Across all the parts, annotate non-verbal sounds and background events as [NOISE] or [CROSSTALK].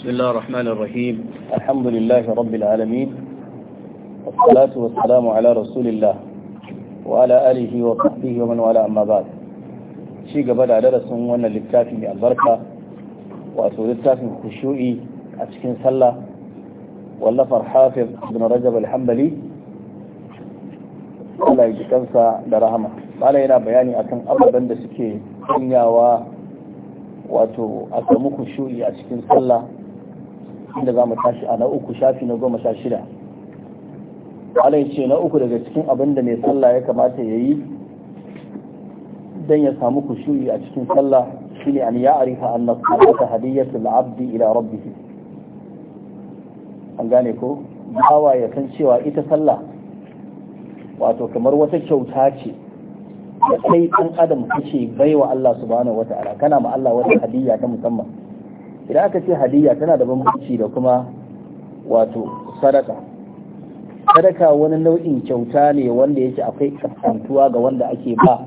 بسم الله الرحمن الرحيم الحمد لله رب العالمين والصلاة والسلام على رسول الله وعلى آله وصحبه ومن والاه أما بعد شيء قبل على رسول وانا للكافي من البركة وأسود الكافي من خشوعي أتكين صلى واللفر حافظ بن رجب الحنبلي Allah ya ji kansa da rahama bala yana bayani akan ababen da suke sanyawa wato a samu kushu'i a cikin sallah inda za mu tashi a na uku shafi na goma sha shida alai ce na uku daga cikin abin da mai sallah ya kamata ya yi don ya samu kushuri a cikin sallah ne an ya arifa an na salata hadiyatul abdi ila rabbihi an gane ko bawa ya san cewa ita sallah wato kamar wata kyauta ce da sai ɗan adam kace baiwa Allah subhanahu wata'ala kana ma Allah wata hadiyya ta musamman idan aka ce hadiyya tana da bambanci da kuma wato sadaka sadaka wani nau'in kyauta ne wanda yake akwai kasantuwa ga wanda ake ba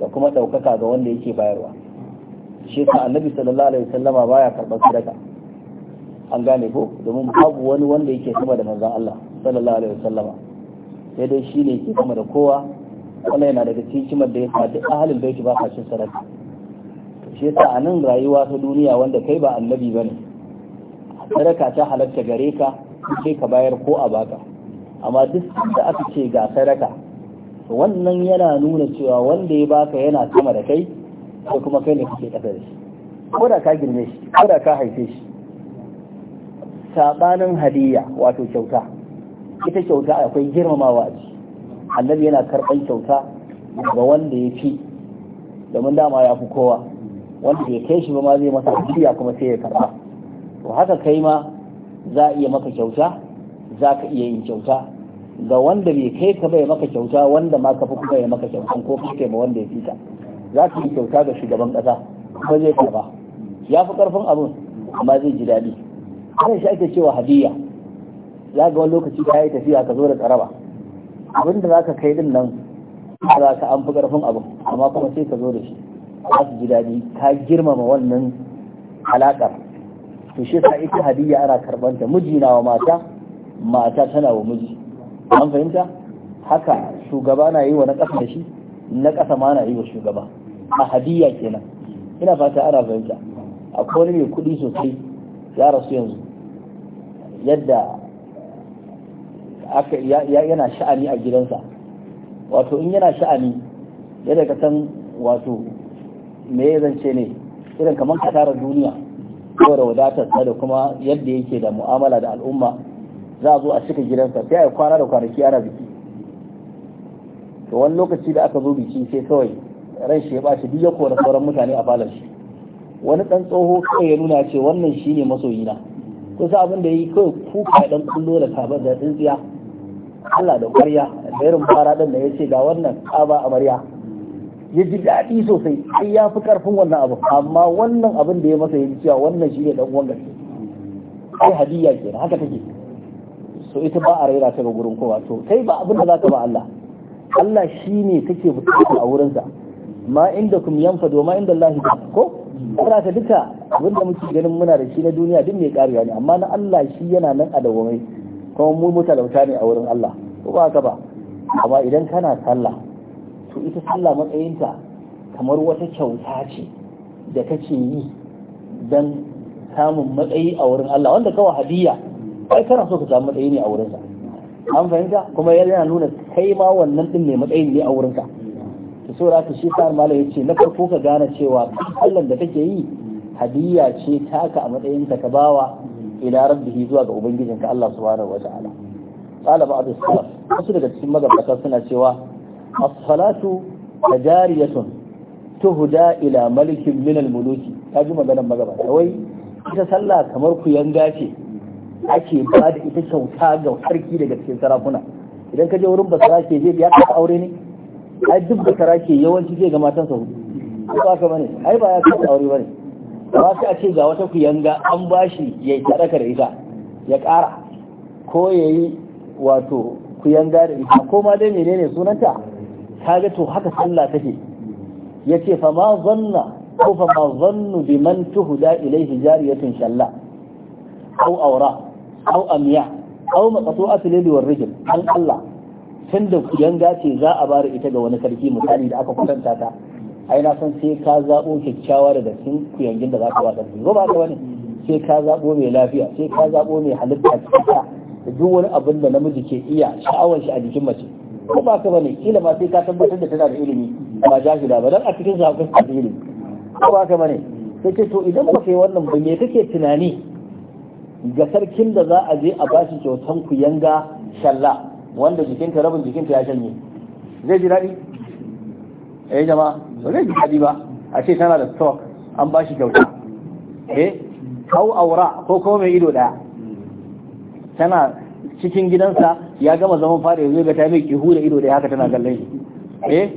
da kuma ɗaukaka ga wanda yake bayarwa shi ka annabi sallallahu alaihi wasallam baya karɓar sadaka an gane ko domin babu wani wanda yake sama da manzon Allah sallallahu alaihi wasallam sai dai shine yake sama da kowa wannan yana daga cikin kimar da ya sa ahlul baiti ba a cin sadaka shi ta a nan rayuwa ta duniya wanda kai ba annabi ba ne sadaka ta halatta gare ka sai ka bayar ko a baka amma duk da aka ce ga sadaka wannan yana nuna cewa wanda ya baka yana sama da kai ko kuma kai ne kake kasa da shi ko da ka girme shi ko da ka haife shi sabanin hadiyya wato kyauta ita kyauta akwai girmamawa a annabi yana karɓar kyauta ga wanda ya fi domin dama ya fi kowa wanda bai kai shi ba ma zai masa hadiya kuma sai ya karba to haka kai ma za a iya maka kyauta za ka iya yin kyauta ga wanda bai kai ka bai maka kyauta wanda ma ka fi kuma ya maka kyautan ko kai ma wanda ya fita za ka yi kyauta ga shugaban kasa kuma zai karba ya fi karfin abun amma zai ji daɗi ana shi ake cewa hadiya za ga wani lokaci ka yi tafiya ka zo da karaba abinda za ka kai din nan za ka an fi karfin abun amma kuma sai ka zo da shi za su ji daɗi ka girmama wannan alaƙar to shi sa ita hadiyya ana karɓanta miji na wa mata mata tana wa miji an fahimta haka shugaba na yi wa na ƙasa da shi na ƙasa ma na yi wa shugaba a hadiyya kenan ina fata ana fahimta akwai wani mai kuɗi sosai ya rasu yanzu yadda aka yana sha'ani a gidansa wato in yana sha'ani yadda ka san wato me ya zance ne irin kamar kasarar duniya ko da wadatarsa da kuma yadda yake da mu'amala da al'umma za a zo a cika gidansa sai a kwana da kwanaki ana biki to wani lokaci da aka zo biki sai kawai ran shi ya bashi duk ya kora sauran mutane a falon shi wani dan tsoho kai ya nuna ce wannan shine masoyina kusa abin da yi kawai kuka dan kullo da kaba da tsintsiya Allah da ƙwarya da irin fara ɗin da ya ce ga wannan ƙaba amarya ya ji daɗi sosai sai ya fi ƙarfin wannan abu amma wannan abin da ya masa ya ji cewa wannan shi ne ɗan uwan gaske ai hadiyya kenan haka take so ita ba a raira ta ga gurin kowa to kai ba abin da ka ba Allah Allah shi ne kake bukata a wurinsa ma inda kum yanfa ma inda Allah ko kira ta duka abin da muke ganin muna da shi na duniya duk mai karewa ne amma na Allah shi yana nan a dawamai kuma mu mutalauta ne a wurin Allah ko ba ka ba amma idan kana sallah to ita sallah matsayinta kamar wata kyauta ce da kake yi don samun matsayi a wurin Allah wanda kawai hadiyya ai kana so ka samu matsayi ne a wurinsa an fahimta kuma yana nuna kai ma wannan din ne matsayin ne a ka to saboda haka shi sa mala yace na farko ka gane cewa Allah da kake yi hadiyya ce taka a matsayinka ka bawa ila rabbihi zuwa ga ubangijinka Allah subhanahu wa ta'ala qala ba'd as-salaf wasu daga cikin magabata suna cewa as-salatu jariyatun tuhda ila malikin min al-muluki ta ji maganar magaba wai ita sallah kamar ku yanga ce ake ba da ita kyauta ga sarki daga cikin sarakuna idan ka je wurin basara ke je ya ka aure ne ai duk basara ke yawanci zai ga matansa hudu ba ka bane ai ba ya ka aure bane ba sai a ce ga wata kuyanga an bashi ya yi sadaka da ita ya ƙara ko ya yi wato kuyanga da ita ko ma dai menene sunanta kaga to haka sallah take yace fa ma zanna ko fa ma zannu bi man tuhda ilayhi jariyatun shalla aw awra aw amiya aw maqtu'at lil wal rijl an Allah tun da yanga ce za a bari ita ga wani sarki misali da aka kwatanta ta ai na san sai ka zabo kyakkyawa daga cikin kuyangin da za ka wasa ko ba ka wani sai ka zabo mai lafiya sai ka zabo mai halitta cikin da duk wani abin da namiji ke iya sha'awar shi a jikin mace ko ba ka bane kila ma sai ka tabbatar da tana da ilimi ba jahila ba dan a cikin su akwai da ilimi ko ba ka bane sai ce to idan ba kai wannan ba me kake tunani ga sarkin da za a je a bashi kyautan ku yanga shalla wanda jikinta rabin jikinta ya shanye zai ji daɗi eh jama'a zai ji daɗi ba a ce tana da stock an bashi kyauta eh hau aura ko kuma mai ido ɗaya tana cikin gidansa ya gama zaman fara yanzu ga ta mai ki hura ido da haka tana kallon shi eh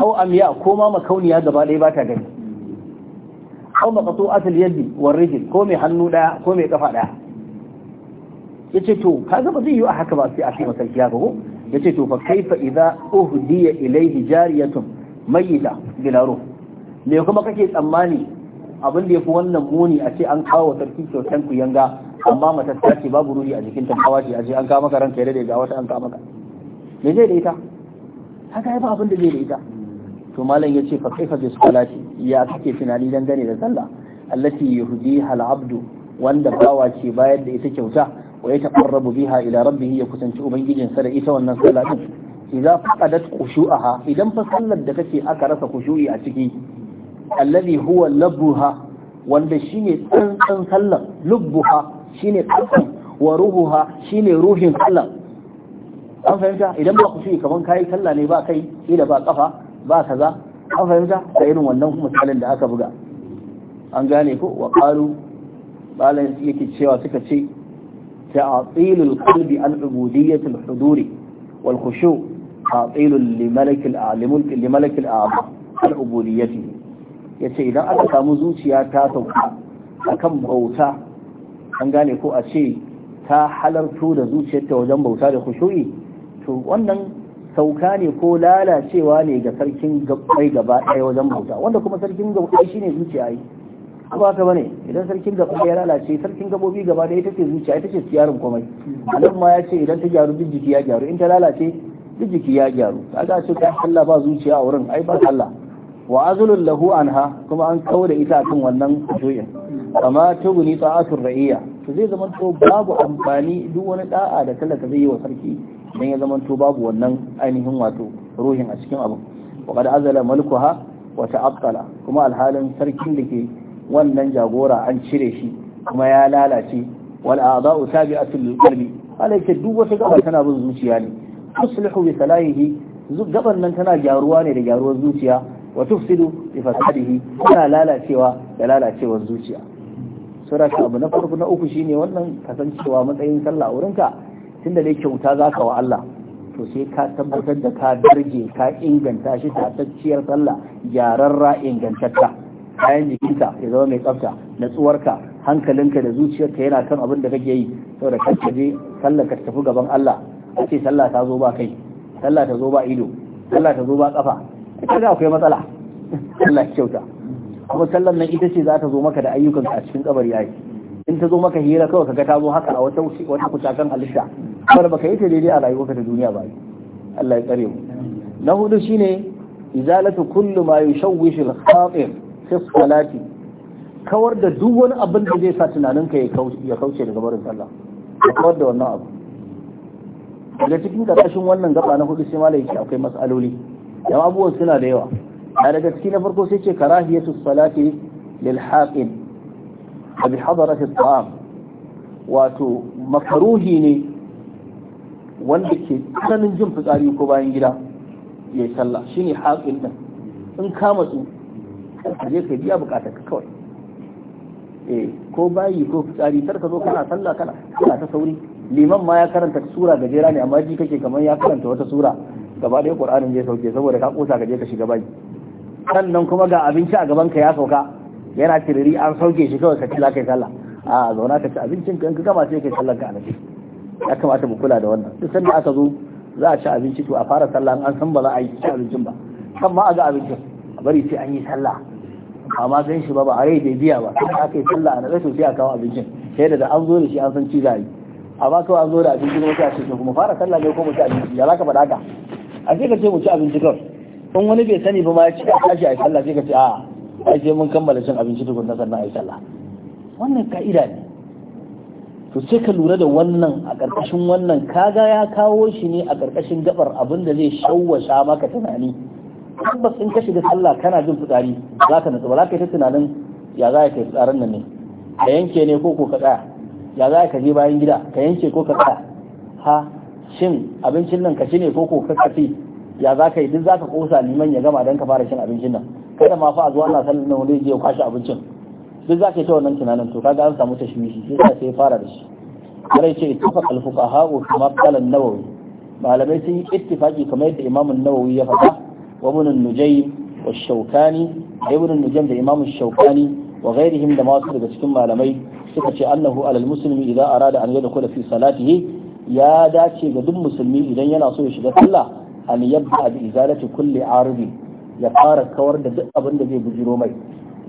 aw amya ko ma makauniya gaba ɗaya ba ta gani aw asal yaddi war rijl ko mai hannu daya ko mai kafa daya yace to ka ba zai yi a haka ba sai a cikin sarkiya ba ko yace to fa kaifa idza uhdiya ilayhi jariyatun mayyita bila ruh me kuma kake tsammani abin da yafi wannan muni a ce an kawo sarki kyautan ku yanga amma mata ta ce babu ruhi a jikin ta hawa ce a ce an kama karan kai da ga wata an kama ka me zai da ita haka ya ba abin da zai da ita to malam ya ce fa kaifa bi salati ya kake tunani dangane da sallah allati yuhdiha al-abdu wanda bawa ce bayar da ita kyauta wa ya taqarrabu biha ila rabbih ya kusanci ubangijinsa da ita wannan sallah din idza faqadat khushu'aha idan fa sallar da kake aka rasa khushu'i a ciki alladhi huwa labbuha wanda shine tsantsan sallar lubbuha shine kalban wa ruhuha shine ruhin Allah an fahimta idan ba ku shi kaman kai kalla ne ba kai ila ba kafa ba kaza an fahimta da irin wannan misalin da aka buga an gane ko wa qalu balan yake cewa suka ce ta'atilul qalbi an ubudiyyatul huduri wal khushu ta'atilul limalakil alimul limalakil a'ma al ubudiyyati yace idan aka samu zuciya ta sauka akan bauta an gane ko a ce ta halarto da zuciyarta wajen bauta da kushoyi to wannan sauka ne ko lalacewa ne ga sarkin gabai gaba ɗaya wajen bauta wanda kuma sarkin shi shine zuciya yi ba ka bane idan sarkin gabai ya lalace sarkin gabobi gaba ɗaya ita ce zuciya ita ce siyarin komai anan ma ya ce idan ta gyaru duk jiki ya gyaru in ta lalace duk jiki ya gyaru kaga a ce ta Allah ba zuciya a wurin ai ba Allah wa azulun lahu anha kuma an kawo da ita akan wannan juyin amma tuguni ta'atul ra'iya to zai zama to babu amfani duk wani da'a da talaka zai yi wa sarki dan ya zama to babu wannan ainihin wato ruhin a cikin abu wa qad azala malkuha wa ta'attala kuma alhalin sarkin da ke wannan jagora an cire shi kuma ya lalace wal a'da'u tabi'atul qalbi alayka duk wata gaba tana bin zuciya ne tuslihu bi salahihi gaban nan tana gyaruwa ne da gyaruwar zuciya wa tufsidu bi fasadihi tana lalacewa da lalacewar zuciya saboda abu na farko na uku shine wannan kasancewa matsayin sallah wurinka tunda dai kyauta zaka wa Allah to sai ka tabbatar da ka darje ka inganta shi tacciyar sallah yararra ingantacca kayan jikinka ya zama mai tsafta natsuwarka hankalinka da zuciyarka yana kan abin da kake yi saboda kake je sallah ka tafi gaban Allah kace sallah ta zo ba kai sallah ta zo ba ido sallah ta zo ba kafa ita ga akwai matsala Allah kyauta kuma sallan nan ita ce za ta zo maka da ayyukanka a cikin kabari yayi in ta zo maka hira kawai kaga ta zo haka a wata wata kucakan halitta kuma baka yi ta daidai a rayuwarka da duniya ba Allah ya tsare mu na hudu shine izalatu kullu ma yushawwishu al-khatir fi salati kawar da duk wani abin da zai sa tunaninka ya kauce daga barin sallah kawar da wannan abu daga cikin karashin wannan gaba na hudu sai malai akwai matsaloli da abubuwan suna da yawa a daga ciki na farko sai ce karahiyatu salati lil haqin wa bi hadarati at-ta'am wato makaruhi ne wanda ke tsananin jin fitsari ko bayan gida ya yi sallah shine haqin din in ka matsu ka je biya bukatar ka kawai eh ko bayi ko fitsari kar zo kana sallah kana kana ta sauri liman ma ya karanta sura gajera ne amma ji kake kamar ya karanta wata sura gaba ɗaya ƙur'anin zai sauke saboda ka kosa ka je ka shiga bai sannan kuma ga abinci a gaban ka ya sauka yana tiriri an sauke shi kawai ka ci kai sallah a zauna ka ci abincin ka in ka gama sai kai sallar ka alaji ya kamata mu kula da wannan duk sanda aka zo za a ci abinci to a fara sallah an san ba za a yi ci abincin ba kan ma a ga abincin a bari sai an yi sallah amma san shi ba ba a rai da biya ba sai aka yi sallah a naɗe sai a kawo abincin sai da an zo da shi an san ci zai amma kawai an zo da abinci kuma sai a ce kuma fara sallah ne ko mu ci abinci ya zaka faɗa ka a ce ka ce mu ci abinci kawai in wani bai sani ba ma ya ci a tashi a sallah sai ka ce a, ai sai mun kammala cin abinci tukunna sannan a yi sallah wannan ka'ida ne to sai ka lura da wannan a ƙarƙashin wannan kaga ya kawo shi ne a ƙarƙashin gabar abin da zai shawwasha maka tunani tabbas in ka shiga sallah kana jin fitsari za ka natsu ba za ka yi ta tunanin ya za ka yi fitsarin nan ne ka yanke ne ko ko ka tsaya ya za ka je bayan gida ka yanke ko ka tsaya ha shin abincin nan ka ci ne ko ko ka kafi ya za ka yi duk za ka kosa liman ya gama don ka fara shin abincin nan kada ma fa a zuwa na sanin nan wani ya kwashe abincin duk za ka yi ta wannan tunanin to kaga an samu ta sai shi sai fara da shi kare ce ittifaq al-fuqaha wa maqal an-nawawi malamai sun yi ittifaqi kamar yadda Imam an-Nawawi ya faɗa wa Ibn an-Nujaym wa Shawkani da Ibn an-Nujaym da Imam Shawkani wa ghairihim da masu daga cikin malamai suka ce annahu alal muslimi idza arada an yadkhula fi salatihi ya dace ga duk musulmi idan yana so ya shiga sallah an yabda bi izalati kulli aridi ya fara kawar da duk abin da zai bujiro mai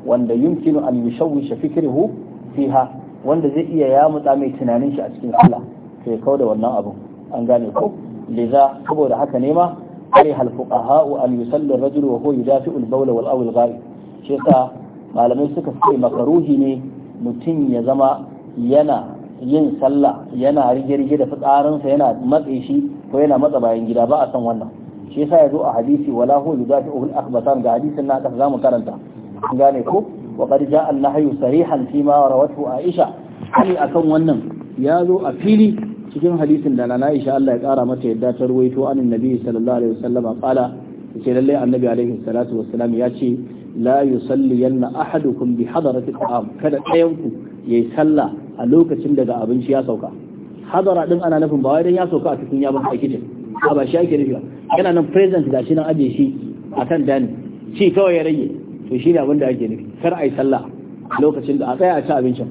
wanda yumkinu an yushawwisha fikrihu fiha wanda zai iya ya mutsa mai tunanin shi a cikin sallah to ya da wannan abun. an gane ko liza saboda haka ne ma kare hal fuqaha an yusalli ar-rajulu wa huwa yudafi'u al-bawla wal awl ghaib shi malamai suka ce makaruhi ne mutum ya zama yana yin sallah yana rige-rige da fitsarinsa yana matse shi ko yana matsa bayan gida ba a san wannan shi yasa ya zo a hadisi wala hu yudafi uhul akhbasan ga hadisin na aka zamu karanta kun gane ko wa qad ja'a an-nahyu sarihan fi ma rawatu Aisha ali akan wannan ya zo a fili cikin hadisin da na Aisha Allah ya kara mata yadda ta ruwaito anin nabi sallallahu alaihi wasallam qala sai lalle annabi alaihi salatu wassalam ya ce la yusalliyanna ahadukum bi hadarati ta'am kada ɗayan ku yayi sallah a lokacin daga abinci ya sauka hadara din ana nufin ba wai dan ya sauka a cikin ya ba a kitchen a ba shi ake nufi ba yana nan present gashi nan aje shi akan dani ci kawai ya rage to shine abin da ake nufi kar ai sallah lokacin da a tsaya a ci abincin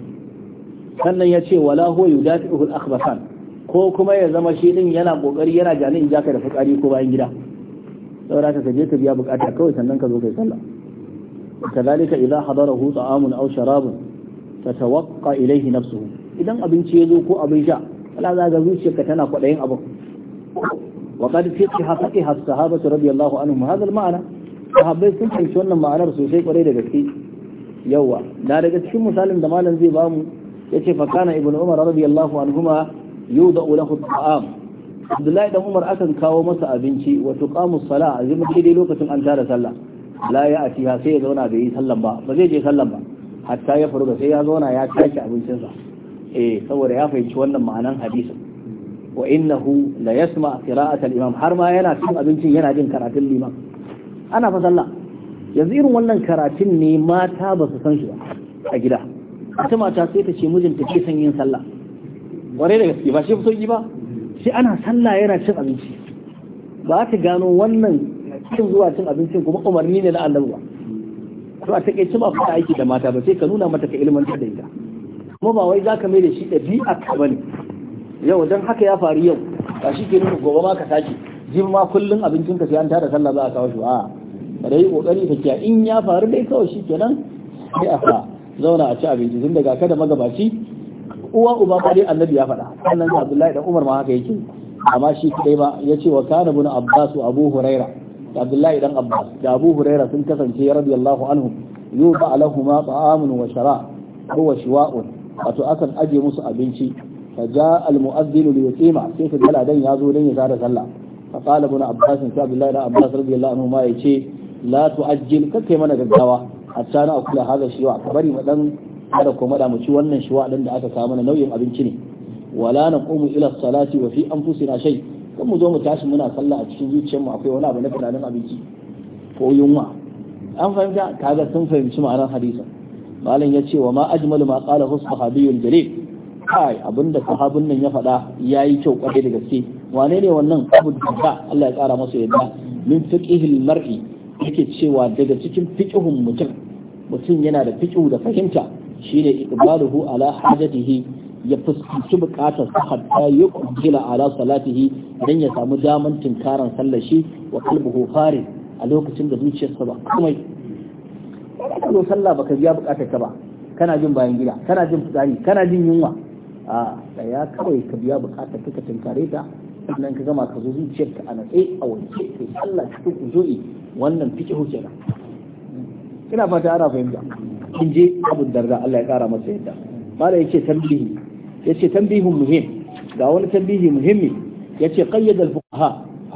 sannan ya ce wala huwa yudafi'uhu al-akhbasan ko kuma ya zama shi din yana kokari yana jani in jaka da fukari ko bayan gida saboda ka je ka biya bukata kawai sannan ka zo kai sallah كذلك إذا حضره طعام أو شراب تتوقع إليه نفسه إذا أبن يذوق أبن جاء فلا ذا ذوق شكتنا قلين أبو وقد فقه فقه الصحابة رضي الله عنهم هذا المعنى sahabbai sun fahimci wannan ma'anar sosai kwarai da gaske yawa daga cikin misalin da Mallam zai bamu ya ce kana ibnu umar radiyallahu abdullahi dan umar akan kawo masa abinci wa tuqamu salah azumi daidai lokacin an tara sallah la ya atiha sai ya zauna bai yi sallan ba ba zai je sallan ba hatta ya faru da sai ya zauna ya tashi abincinsa eh saboda ya fahimci wannan ma'anan hadisi wa innahu la yasma qira'at al-imam har ma yana cin abincin yana jin karatun liman ana fa sallah yanzu irin wannan karatun ne mata ba su san shi ba a gida ita mata sai ta ce mijinta ke son yin sallah ware da gaske ba shi ba sai ana sallah yana cin abinci ba ta gano wannan cin zuwa cin abincin kuma umarni ne na annabuwa to a takeice ba fara aiki da mata ba sai ka nuna mata ka ilmantar da ita kuma ba wai zaka mai da shi ɗabi'a ka bane yau dan haka ya faru yau ba shi ke nuna gobe ma ka sake jin ma kullum abincin ka sai an tara sallah za a kawo shi a da yi kokari ta kiya in ya faru dai kawai shi kenan sai a fa zauna a ci abinci tun daga kada magabaci uwa uba ba dai annabi ya faɗa sannan Abdullahi da Umar ma haka yake amma shi kai ba ya ce wa kana bin Abbas wa Abu Hurairah abdullahi dan abbas da abu huraira sun kasance radiyallahu anhu yuba lahuma ta'amun wa shara huwa shiwa'un wato akan aje musu abinci kaja ja'a al-mu'adhdhin li yuqima sai ka gala dan yazo dan ya tada sallah fa qala ibn abbas sai abdullahi dan abbas radiyallahu anhu ma yace la tu'ajjil kake mana gaggawa hatta na kula haza shiwa ka bari mu dan kada ko mada mu ci wannan shiwa dan da aka kawo mana nauyin abinci ne wala naqumu ila salati wa fi anfusina shay' kan mu zo mu tashi muna sallah a cikin zuciyarmu akwai wani abu na tunanin abinci ko yunwa an fahimta kaga sun fahimci ma'anar hadisa malam ya ce wa ma ajmal ma qala hus sahabiyul jalil kai abinda sahabin nan ya faɗa yayi kyau kwarai da gaske wane ne wannan abu da Allah ya kara masa yadda min fiqhil mar'i yake cewa daga cikin fiqhun mutum mutum yana da fiqhu da fahimta shine iqbaluhu ala hajatihi ya fuskanci bukatar sa hatta ya kujila ala salatihi idan ya samu daman tinkaran sallar shi wa qalbuhu farin a lokacin da zuciyarsa ba komai ka zo sallah baka biya bukatar ka ba kana jin bayan gida kana jin fitsari kana jin yunwa a ya kawai ka biya bukatar ka tinkare ta sannan ka gama ka zo zuciyarka a natse a wanke kai sallah cikin kuzo'i wannan fiqhu kenan ina fata ana fahimta in je abun darda Allah ya kara masa yadda mala yake tambihi yace tanbihun muhim ga wani tambihi muhimmi yace qayyada al-fuqaha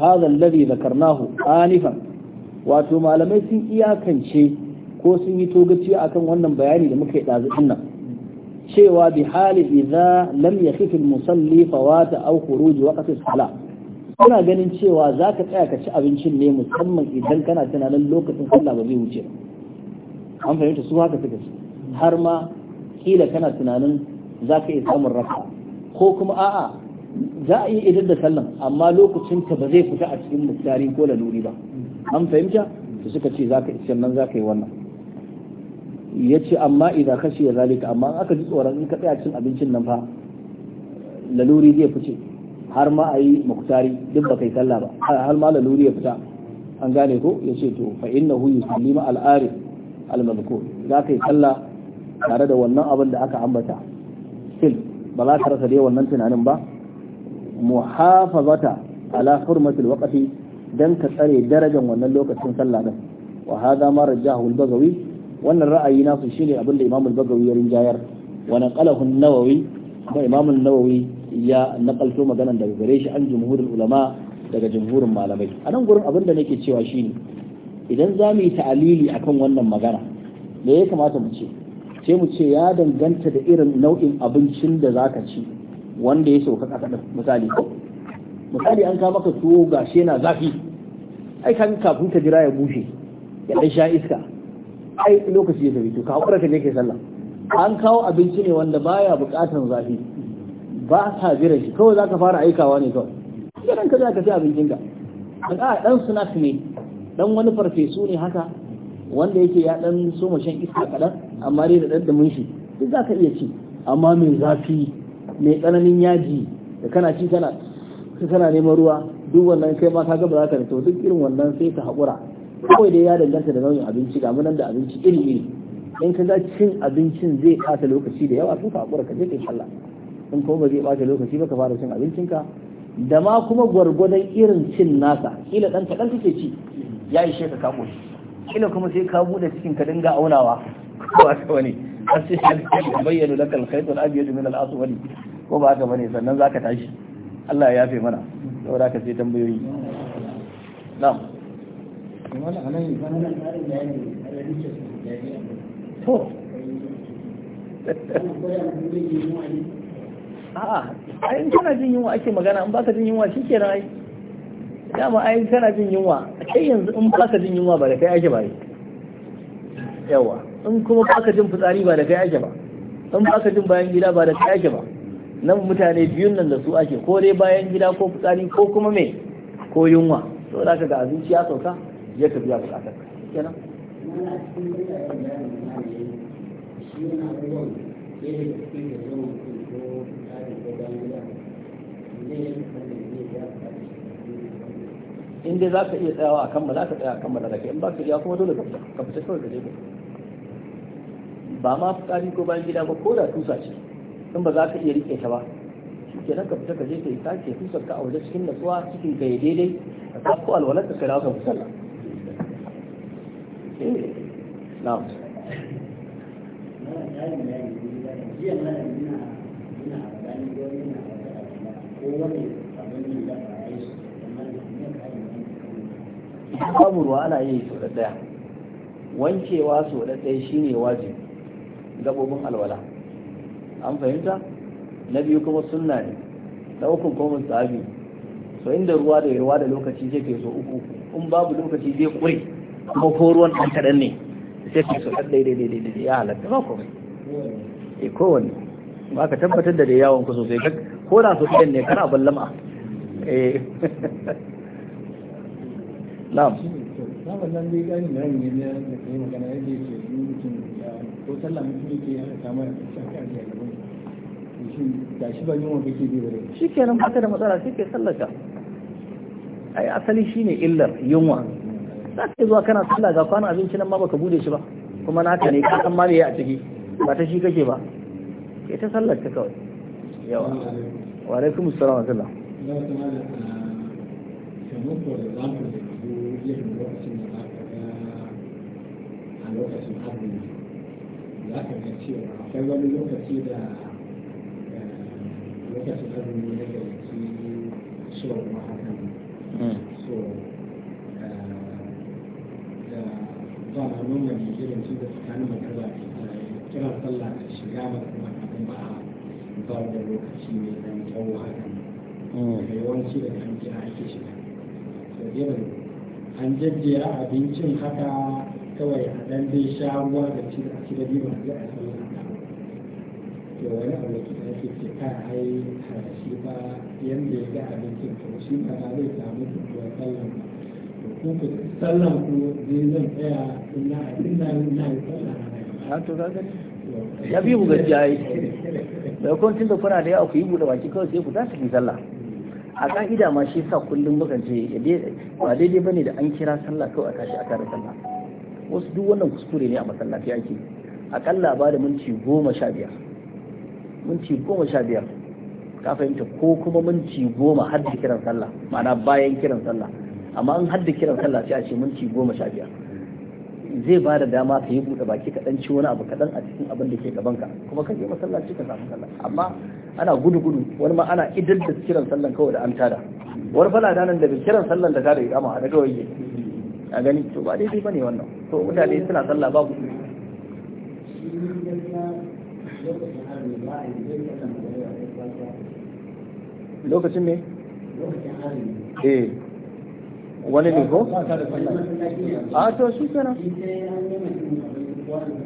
hadha alladhi dhakarnahu anifan wato malamai sun iyakance ko sun yi togaci akan wannan bayani da muka yi dazu nan cewa bi hali idza lam yakhif al-musalli fawata aw khuruj waqti as kuna ganin cewa za ka tsaya ka ci abincin ne musamman idan kana tunanin lokacin sallah ba zai wuce an fahimta su haka suka ci har ma kila kana tunanin za ka iya samun raka ko kuma a'a za a iya idan da sallan amma lokacin ba zai fita a cikin muktari ko laluri ba an fahimta su suka ce za ka sannan za ka yi wannan ya ce amma idan ka shi ya zalika amma aka ji tsoron in ka tsaya cin abincin nan fa laluri zai fice har ma a yi muktari duk ba kai sallah ba har ma laluri ya fita an gane ko ya ce to fa innahu yusallimu al-arif al-madhkur za ka yi sallah tare da wannan abin da aka ambata still ba za ka rasa dai wannan tunanin ba muhafazata ala hurmatil waqti dan ka tsare darajar wannan lokacin sallah din wa hadha ma rajahu al-bagawi wannan ra'ayi nasu shine abin da Imam al-Bagawi ya rinjayar wa naqalahu an-Nawawi kuma Imam nawawi ya naqalto maganan daga gare shi an jumhurul ulama daga jumhurin malamai a nan gurin abin da nake cewa shine idan za mu yi ta'alili akan wannan magana me ya kamata mu ce sai mu ce ya danganta da irin nau'in abincin da za ka ci wanda ya sauka ƙasa ɗin misali misali an kama ka tuwo, ga shi yana zafi ai kan kafin ka jira ya bushe ya dan sha iska ai lokaci ya tafi to ka haƙura ka je kai sallah an kawo abinci ne wanda baya buƙatar zafi ba sa jiran shi kawai za ka fara aikawa ne kawai idan ka za ka ci ka. a ɗan snack ne ɗan wani farfesu ne haka wanda yake ya ɗan soma shan iska kaɗan amma dai da ɗanɗamin shi duk za ka iya ci amma mai zafi mai tsananin yaji da kana ci kana kana neman ruwa duk wannan kai ma ga ba za ka rito duk irin wannan sai ka haƙura kawai dai ya danganta da nau'in abinci ga nan da abinci iri iri in ka ga cin abincin zai ɓata lokaci da yawa sai ka haƙura ka je ka yi sallah in kuma ba zai ɓata lokaci ba ka fara cin abincinka da ma kuma gwargwadon irin cin nasa kila ɗan kaɗan kake ci ya ishe ka kamo shi kila kuma sai ka bude cikin ka dinga aunawa ko aka bane har sai ya bayyana laka al-khayt al-abyad min al-aswad ko ba aka bane sannan zaka tashi Allah ya yafe mana saboda ka sai tambayoyi na'am wala to a'a ai kana jin yunwa ake magana in baka jin yunwa shikenan ai dama ai kana jin yunwa kai yanzu in baka jin yunwa ba da kai ake bare yawa in kuma ba ka jin fitsari ba da kai ake ba in ba ka jin bayan gida ba da kai ake ba nan mutane biyun nan da su ake ko dai bayan gida ko fitsari ko kuma me ko yunwa to da ka ga abinci ya sauka ya ka biya bukatar ka kenan in dai za ka iya tsayawa a kammala ka tsaya a kammala da ke in ba ka iya kuma dole ka fita kawai ka je ba ma fitsari ko bayan gida ba ko da tusa ce in ba za ka iya rike ta ba ke nan ka fita ka je ka yi sake tusar ka a waje cikin natsuwa cikin ka daidai ka sako alwalar ka kira ka musalla eh, na'am ana yi sau da ɗaya, wankewa sau da ɗaya shine wajibi, gabobin alwala an fahimta na biyu kuma sunna ne na uku kuma musabi so inda ruwa da ruwa da lokaci zai kai so uku in babu lokaci zai kure kuma ko ruwan ɗan kaɗan ne sai kai so ɗan daidai daidai daidai ya halatta ba komai e eh, wani, ba ka tabbatar da da yawon ku sosai ko da so ɗan ne kana ballama eh [LAUGHS] na'am na wannan dai gani na yi ne na kai magana yadda ke mutum ko sallah mutum yake ya kama ya shaka ya gaba ga shi ba yunwa kake bi bare shi ke nan baka da matsala shi ke sallaka ai asali shi ne illar yunwa za ka zuwa kana sallah ga kwana abinci nan ma baka bude shi ba kuma naka ne ka san ma me a ciki ba ta shi kake ba ke ta sallar ta kawai yawa wa alaikum assalam wa sallam ah, a lokacin azumi za ga cewa akwai wani lokaci da eh, lokacin azumi na gayyaci suwa kuma hakan hmm. so eh, da ba na nuna mai irin su da tsakanin magarba kiran sallah da shiga da kuma abin ba ba da lokaci mai dan tsawo hakan hmm. da yawanci da kan ake shiga so irin an jajjera abincin haka kawai a dan dai sha da ci da ci da biyu ba za a sallar da to wani abu da ake ce ka ai shi ba yanda ya ga abincin to shi ba na zai samu tukuwa sallar ba to ku sallan ku zai zan tsaya ina ina ina sallar ha to kaga ya bi mu gaskiya yi da kun da kuna da yawa ku yi buɗe baki kawai sai ku tashi ki sallah a ka'ida ma shi sa kullum mukan je ba daidai bane da an kira sallah kawai a tashi a kare sallah wasu duk wannan kuskure ne a masallaci ake akalla ba da minti goma sha biyar minti goma sha biyar ka fahimta ko kuma minti goma har da kiran sallah ma'ana bayan kiran sallah amma an har da kiran sallah sai a ce minti goma sha biyar zai ba da dama ka yi buɗe baki kaɗan ci wani abu kaɗan a cikin abin da ke gaban ka kuma ka je masallaci ka samu sallah amma ana gudu gudu wani ma ana idan da kiran sallah kawai da an tada wani fa da nan da kiran sallan da tada ya kama a daga waje a gani to ba daidai bane wannan to mutane suna sallah babu lokacin ne eh wani ne ko a to shi kenan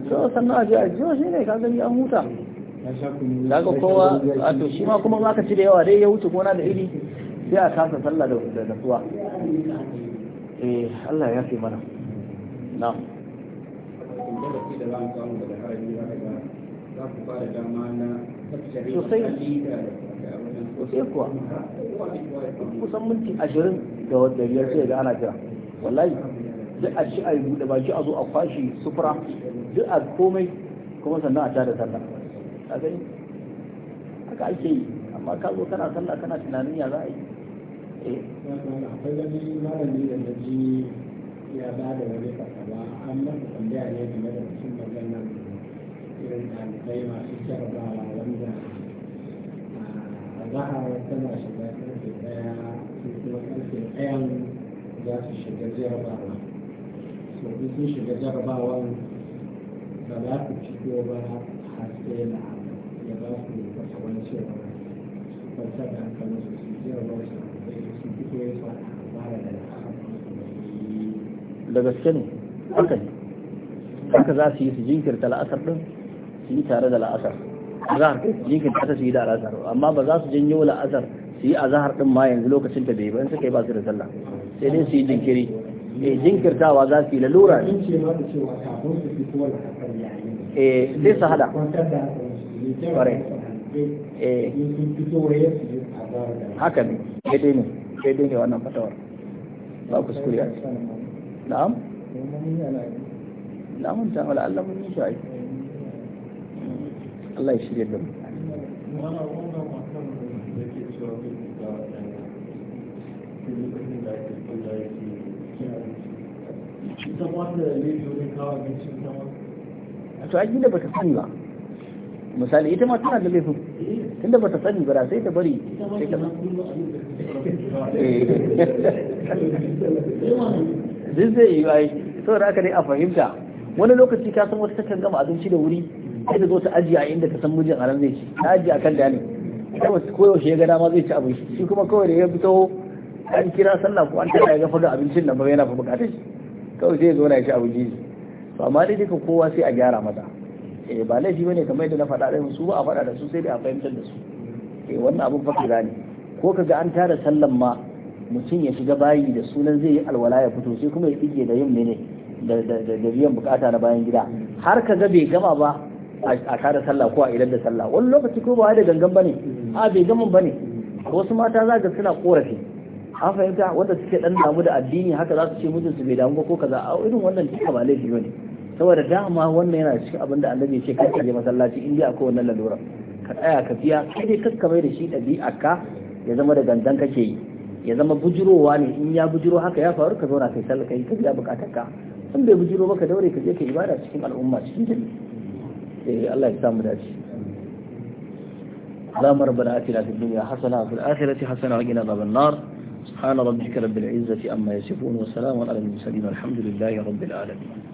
to sannan a ji a jiwa shi ne ka gani an huta daga kowa a to shi ma kuma ma ka ci da yawa dai ya wuce gona da iri sai a kasa sallah da suwa eh Allah ya fi mana na sosai sosai kuwa kusan minti ashirin da wadda biyar sai da ana jira wallahi duk a ci a yi buɗe baki a zo a kwashi sufura duk a komai kuma sannan a tada sallah a gani haka ake yi amma ka zo kana sallah kana tunanin ya za a yi Eh, akwai wani malami da na ji ya ba da wani fatawa an masa tambaya ne game da mutum maganar irin ɗalibai masu jarabawa wanda ah, a zahar tana shiga karfe ɗaya su kuma karfe ɗayan za su shiga jarabawa so in sun shiga jarabawan ba za su fito ba har sai na ya ba su fatawan cewa kwantar da gaske ne haka ne haka za su yi su jinkirta la'asar din su yi tare da la'asar za su jinkirta ta su yi da la'asar amma ba za su janyo la'asar su yi azahar din ma yanzu lokacin ta bai ba in suka yi ba su da sallah sai dai su yi jinkiri eh jinkirtawa za su yi lalura ne eh, sai su hada kwarai Eh. haka ne daidai ne daidai ne wannan fatawar ba a na'am na'am Allah mun yi shi ai Allah ya da mu to ai baka sani ba misali ita ma tana da laifin tunda bata sani ba sai ta bari sai eh. ka zai yi ai saboda aka ne a fahimta wani lokaci ka san wata takan gama abinci da wuri sai da zo ta ajiye a inda ta san mijin a zai ci ta ajiye a kan da ne koyaushe ya ga dama zai ci abinci shi kuma kawai da ya fito an kira sallah ko an tada ya gafa da abincin nan ba yana fa bukatar shi kawai sai ya zo na ya ci abinci to amma dai duka kowa sai a gyara mata Eh, ba laifi bane kamar yadda na faɗa ɗin su ba a faɗa da su sai dai a fahimtar da su eh wannan abun fakir ne ko kaga an tara sallan ma mutum ya shiga bayi da sunan zai yi alwala ya fito sai kuma ya tsige da yin mene da da biyan bukata na bayan gida har kaga bai gama ba a tara sallah ko a idan da sallah wani lokaci ko ba da gangan bane a bai gama bane wasu mata za ga suna korafi an fahimta wanda suke dan damu da addini haka za su ce su bai damu ba ko kaza a irin wannan duka ba laifi bane saboda dama wannan yana cikin abin da annabi ce kai je masallaci in dai akwai wannan lalura ka tsaya ka biya kai dai kaska mai da shi ɗabi'a ka ya zama da gandan kake yi ya zama bujurowa ne in ya bujiro haka ya faru ka zauna kai sallah kai ka biya bukatar ka in bai bujiro ba ka daure ka je ka ibada cikin al'umma cikin jami'i eh Allah ya samu dace اللهم ربنا آتنا في الدنيا حسنة وفي الآخرة حسنة وقنا عذاب النار سبحان ربك رب العزة أما يصفون وسلام على المرسلين والحمد لله رب العالمين